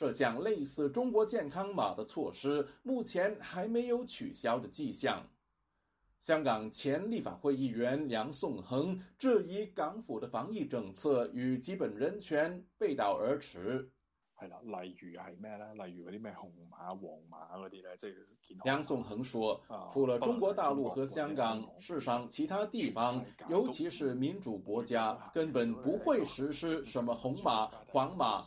這項類似中國健康碼的措施，目前還沒有取消的跡象。香港前立法會議員梁頌恆質疑港府的防疫政策與基本人權背道而馳。係啦，例如係咩咧？例如嗰啲咩紅碼、黃碼嗰啲咧，即係。梁頌恆說，除了中國大陸和香港，世上其他地方，尤其是民主國家，根本不會實施什麼紅碼、黃碼。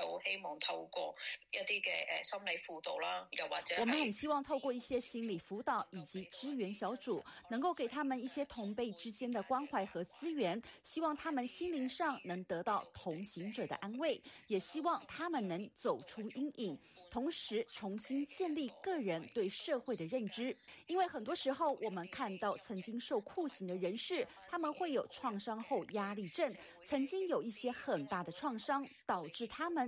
好希望透過一啲嘅誒心理輔導啦，又或者，我們很希望透過一些心理輔導以及支援小組，能夠給他們一些同輩之間的關懷和資源，希望他們心靈上能得到同行者的安慰，也希望他們能走出陰影，同時重新建立個人對社會的認知。因為很多時候，我們看到曾經受酷刑的人士，他們會有創傷後壓力症，曾經有一些很大的創傷導致他們。